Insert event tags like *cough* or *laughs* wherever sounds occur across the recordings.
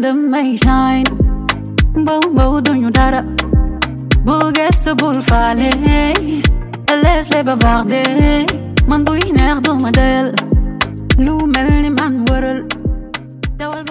feeling the sunshine Bau bau dunyo dara Bul geste bul fale Alles leven waarde Man doe je nergens door model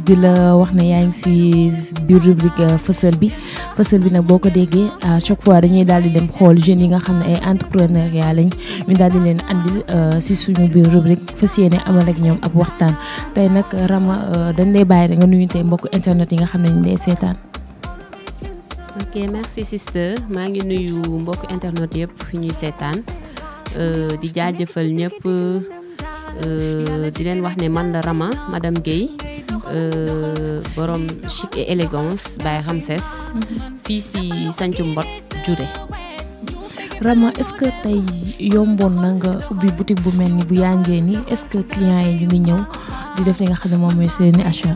di la wax ne yaa ngi si biir rubrique euh, fësal bi fësal bi nag boo ko déggee à chaque fois dañuy daal di dem xool jeunes yi nga xam ne ay entrepreneuriat lañ ñu daal di leen andil euh, si suñu biir rubrique fës yéene amal ak ñoom ab waxtaan tey nag Rama euh, dañ lay bàyyi da nga nuyu tey mbokk internet yi nga xam ne ñu lay seetaan. ok merci sister maa ngi nuyu mbokk internet yëpp fi ñuy seetaan di jaajëfal ñëpp di leen wax ne man la Rama madame Guèye. Euh, borom chic et élégance by Ramsès fi ci Sancu Mbot Jure Rama est-ce que tay yombon na nga ubi boutique bu melni bu yanjé ni est-ce que client yi ñu ngi ñew di def li nga xamné mom moy achat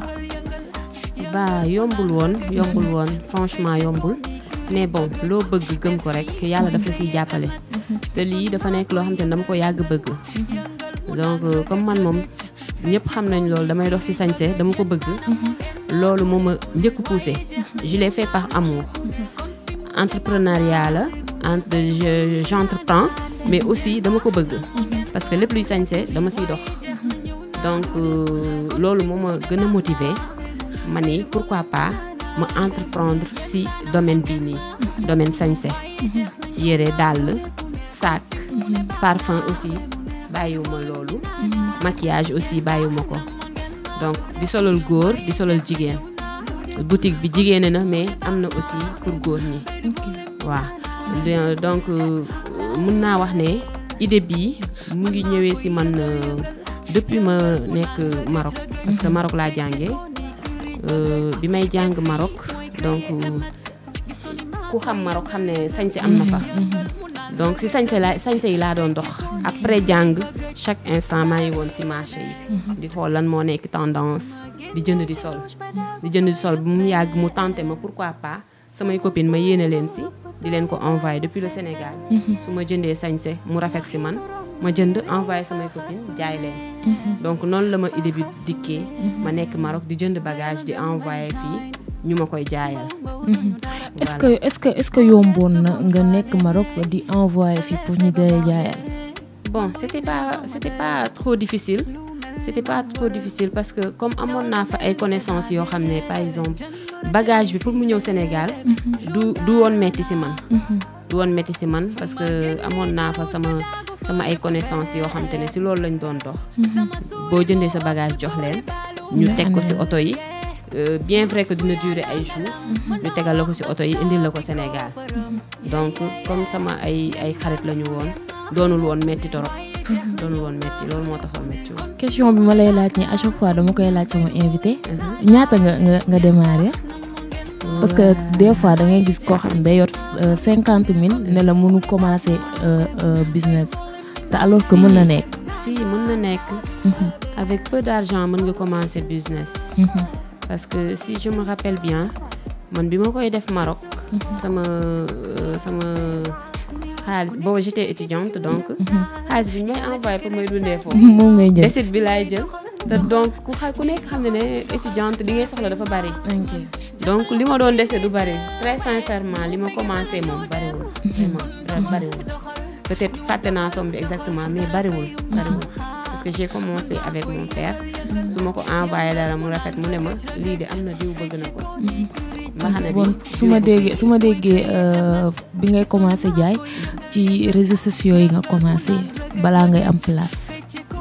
ba yombul won yombul won franchement yombul mais bon lo bëgg gëm ko rek yalla mhm. dafa ci jappalé te li dafa nek lo xamné dama ko yag bëgg mhm. donc euh, comme man mom ñëpp xam nañ loolu damay dox ci sañse dama ko bëgg mhm. loolu moo ma njëkk poussé mhm. je l'ai fait par amour mhm. entrepreneuriat la entre j'entreprends mais aussi dama ko bëgg parce que lépp luy sañse dama ciy dox donc euh, loolu moo ma gën a motiver ma ni pourquoi pas ma entreprendre ci domaine bii nii domaine sañse yére dàll sac parfum aussi bàyyiwuma lolou maquillage aussi bàyyiwuma ko. donc di solol góor di solol jigen boutique bi jigéene na mais amna aussi pour góor ni wa donc euh, mun na wax né idée bi mu ngi ci man euh, depuis ma nek Maroc. parce que mhm. Maroc jangé euh bi may jang Maroc donc ku xam Maroc xam ne sañ si am na fa. Mhm, mhm donc si sañse laa ça yi laa doon dox après jàng chaque instant maa ngi woon si marché yi mhm. di xool lan moo nekk tendance di jënd di sol di jënd di sol bu mu yàgg mu tenté ma pourquoi pas samay copine ma yéene leen si di leen ko envoyé depuis le Sénégal mhm. su ma jëndee sañse mu rafet si man ma jënd envoyé samay copine jaay leen mhm. donc noonu la ma idée bi dikkee ma nekk Maroc di jënd bagage di envoyé fii ñuma koy jaayal. Mhm. est-ce que est-ce que est-ce que yomboon na nga nekk Maroc di envoyer fii pour ñu day jaayal. bon c'était pas c'était pas trop difficile. c'était pas trop difficile parce que comme amoon naa fa ay connaissances yoo xam ne par exemple bagage bi pour mu ñëw Sénégal. Mhm. du du woon metti ci man. Mhm. du woon metti ci man parce que amoon naa fa sama sama ay connaissances yoo xam te ne ci loolu lañ doon dox. boo jëndee sa bagage jox leen. ñu teg ko ci oto yi. Euh, bien vrai que dina durer ay jours. ñu tegal la ci oto yi indil la Sénégal. donc comme sama ay ay xarit lañu won woon doonul woon metti torop. doonul won metti loolu moo taxoon metti question bi ma lay laaj nii à chaque fois dama koy laaj sama invité. Mhm. ñaata nga nga nga démarré. parce que euh. des fois da ngay gis ko xam ne day yor euh, cinquante mille ne la mënu commencer business te alors que mën na nekk. si mën na nekk. Mhm. avec peu d'argent mën nga commencer business. Mhm parce que si je me rappelle bien man bima koy def Maroc. Mhm. sama euh, sama xaalis Bon, j'étais étudiante donc. Mhm. xaalis bi may envoyé pour may dundee fo *laughs* moom ngay jël desit bi lay jël. te donc ku xa ku nekk xam ne étudiante li ngay soxla dafa bari. donc li ma doon dese du bari très sincèrement li ma commencé moom bariwul. Mhm. vraiment bariwul peut-être fàtte naa bi exactement mais bariwul. bariwul que j'ai commencé avec mon père su ma ko envoyé dara mu rafet mu ne ma lii de am na diw bëgg na ko mbaxana mm-hmm. bi su ma déggee su ma déggee euh, bi ngay commencé jaay ci réseaux sociaux yi nga commencé balaa ngay am place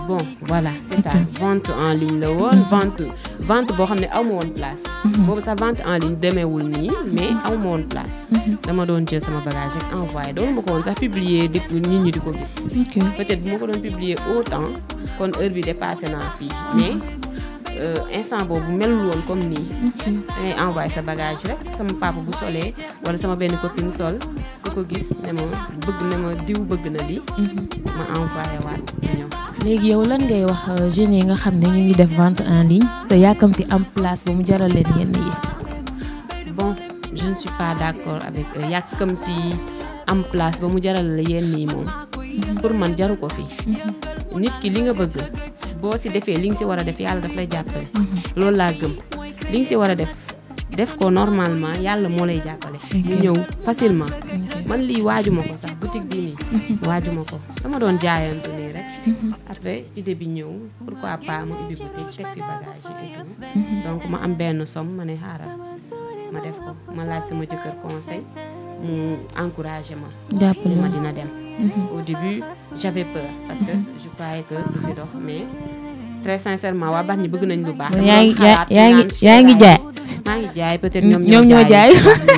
bon voilà c'est ça vente en ligne la woon vente vente bo xamné ne aw place mhm. bobu sa vente en ligne demeewul ni mais aw ma place mhm. dama don jël sama bagage rek envoyé doon ma ko sax publier di nit ñi di ko gis peut-être bu ma ko doon publier autant kon heure bi dépassé na fi mais euh, instant bobu melul woon comme ni da ngay envoyé sa bagage rek sama papa bu solé wala sama benn copine sol ko ko gis né ma bëgg na ma diw bëgg na li mhm. ma envoyé waat ñoom. léegi yow lan ngay wax euh, jeune yi nga xamné ñu ngi def vente en ligne te yàkkamti am place ba mu jaral leen yenn yi. bon je ne suis pas d'accord avec euh, yàkkamti am place ba mu jaral la yenn yi mom mhm. pour man jaru ko fi. Mhm. nit ki li nga bëgg. boo si defee li nga si war a def yàlla daf lay jàppale. Mm-hmm. loolu laa gëm li nga si war a def def ko normalement yàlla moo lay jàppale. mu ñëw facilement. man lii waajuma ko sax boutique bii nii. Mm-hmm. ma ko dama doon jaayantu nii rek. Mm-hmm. après idée bi ñëw pourquoi pas ma ubbi boutique teg fi bagage yi et tout. donc ma am benn somme ma ne xaaral ma def ko ma laaj sama jëkkër conseil. mon encouragement. la m'a dit mhm. Au début, j'avais peur parce que mhm. je croyais que mort. mais très sincèrement, je ne sais pas si je suis maa ngi jaay peut-être ñoom ñoo jaay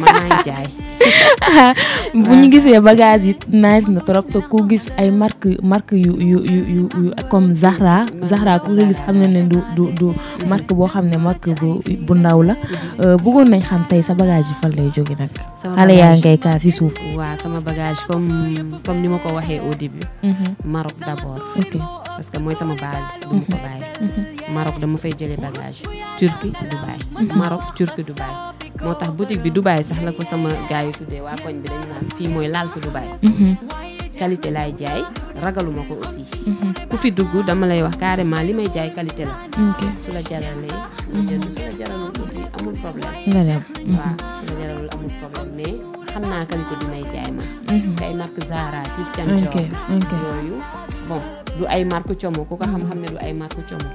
maa ngi jaay *laughs* *laughs* bu ñu gisee bagage yi nice na trop te ku gis ay marque marque yu yu yu yu comme Zahra Zahra ku ko gis xam ne ne du du du mhm. boo xam ne marque bu ndaw la mhm. euh, bëggoon nañ xam tey sa bagage yi fan lay jóge nag xale yaa ngay kaa si suuf waaw sama bagage comme comme ni ma ko waxee au bi mhm. Maroc d'abord ok parce que mooy sama base. du ma ko bàyyi. Mhm. Mhm. Maroc dama fay jëlee bagage. Mhm. Turquie Dubaï. Maroc Turquie Dubaï. moo tax boutique bi du bàyyi sax la ko sama gars yi tuddee waa koñ bi dañu naan fii mooy laal sa Dubaï. qualité laay jaay ragaluma ko aussi. ku fi dugg dama lay wax carrément li may jaay qualité la. su la jaralee. su la jaralul aussi amul problème. nga dem waaw su la jaralul amul problème mais. xam naa qualité bi may jaay ma parce mhm. que ay marque Zara Christian Dior yooyu bon du ay marque como ku ko xam-xam ne du mhm. ay marque como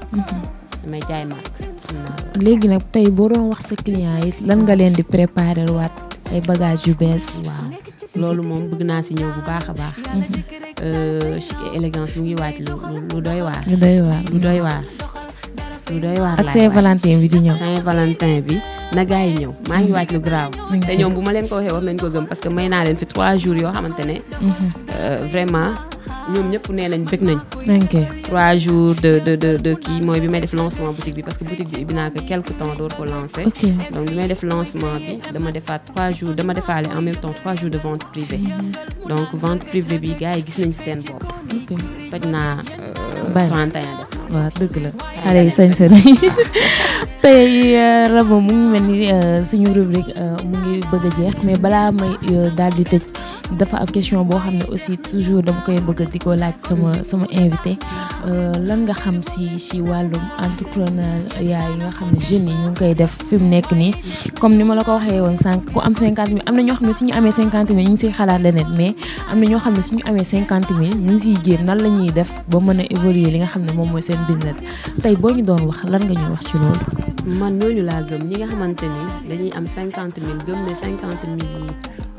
damay jaay marque xam naa léegi nag tey boo doon wax sa client yi lan nga leen di préparer waat ay bagage yu bees waaw loolu moom bëgg naa si ñëw bu baax a baax chic mhm. et euh, élégance mu ngi waaj lu lu doy waar lu doy waar lu doy waar lu doy waar ak Saint Valentin bi di ñëw Saint Valentin bi na gars yi ñëw maa ngi waaj lu graaw te ñoom bu ma leen ko waxee war nañ ko gëm parce que may naa leen fi trois jours yoo xamante ne mhm. euh, vraiment ñoom ñëpp nee nañ bëgg nañ trois jours de de de de kii mooy bi may def lancement boutique bi parce que boutique bi ubbi naa ko quelque temps door ko lancer donc bi may def lancement bi dama defaat trois jours dama defaale en même temps trois jours de vente privée mhm. donc vente privée bi gars yi gis nañ seen bopp toj naa 31 euh, décembre waaw dëgg la xale yi sañ-sañ *laughs* tey euh, rabo mu ngi mel ni euh, suñu rubrique euh, mu ngi bëgg a jeex mais balaa may daal di tëj dafa am question boo xam ne aussi toujours dama koy bëgg di ko laaj sama sama invité euh, lan nga xam si si wàllum entrepreneuriat yi nga xam ne jeunes yi ñu ngi koy def fi mu nekk nii comme ni ma la ko waxee woon sànq ku am cinquante mille am na ñoo xam ne suñu amee cinquante mille ñu ngi siy xalaat leneen mais am na ñoo xam ne suñu amee cinquante mille ñu ngi siy jéem nan la ñuy def ba mën a évoluer li nga xam ne moom mooy seen business tey boo ñu doon wax lan nga ñuy wax ci loolu. man ñooñu laa gëm ñi nga xamante ni dañuy am cinquante mille gëm ne cinquante mille yi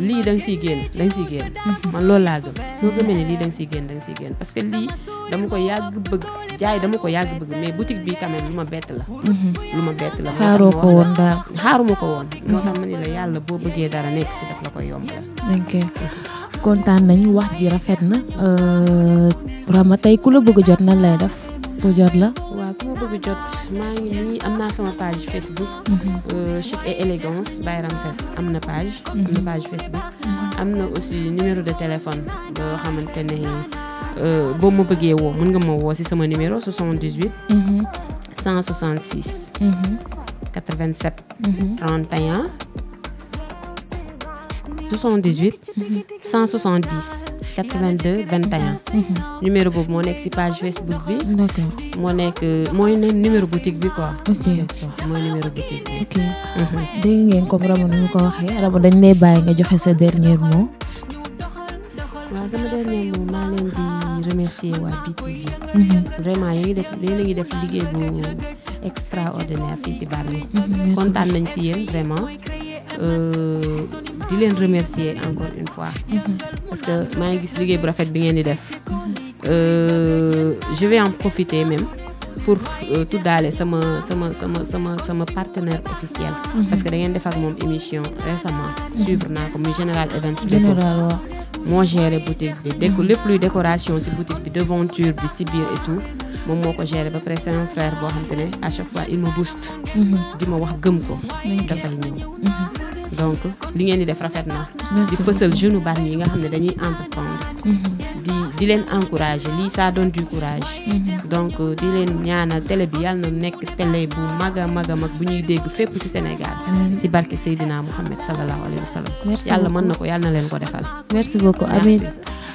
lii da nga siy génn da nga siy génn man loolu laa gëm soo gëmee ne lii da nga siy génn da siy génn parce que lii dama ko yàgg bëgg jaay dama ko yàgg bëgg mais boutique bi quand lu ma bett la ma bett la xaaroo ko woon daal xaaruma ko woon moo tax ma ne la yàlla boo bëggee dara nekk si daf la koy yomb la ok kontaan nañu wax ji rafet na euh, Rama tey ku la bëgg jot nan lay def pour jot la bu jot maa page Facebook. Mhm. Euh, Chic et élégance by Ramses page. Mhm. page Facebook. Mhm. numéro de téléphone euh, numéro 78. 166. 87. 31. 78 170 82 21. numéro bob moo nekk si page Facebook bi. d'accord moo nekk mooy ne numéro boutique bi quoi. ok mooy numéro boutique bi. ok mhm. dégg ngeen comme Rama ñu ko waxee Rama dañ lay bàyyi nga joxe sa dernier mot. waaw sama dernier mot maa leen di remercier waa BTV. Mhm. vraiment yéen def yéen a ngi def liggéey bu extraordinaire fii si Bargny. Mhm, kontaan nañ si yéen vraiment. Euh, di leen remercier encore une fois. parce que maa ngi gis liggéey bu rafet bi ngeen di def. Euh, je vais en profiter même pour euh, tuddaale sama sama sama sama sama partenaire officiel. Mhm. parce que da ngeen def ak émission récemment. Mhm. suivre naa ko muy Général Events. Général moo géré boutique bi déco lépp luy décoration si boutique bi devanture bi si biir et tout moom moo ko géré ba pare c'est un frère boo xam ne à chaque fois il me booste mm-hmm. di ma wax gëm ko dafay ñëw mm-hmm. donc li ngeen di def rafet na di fësal jeune baax yi nga xam ne dañuy entreprendre mm-hmm di leen encourager lii ça donne du courage. Mhm. donc euh, di leen ñaanal télé bi yàlla na nekk télé bu mag a mag a mag bu ñuy dégg fépp ci Sénégal. Mhm. ci barke Seydina Mouhamed sallallahu alayhi wa sallam. yàlla mën na ko yàlla na leen ko defal. merci beaucoup Amine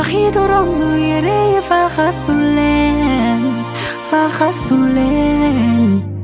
وحيد رب يري فخسلان فخسلان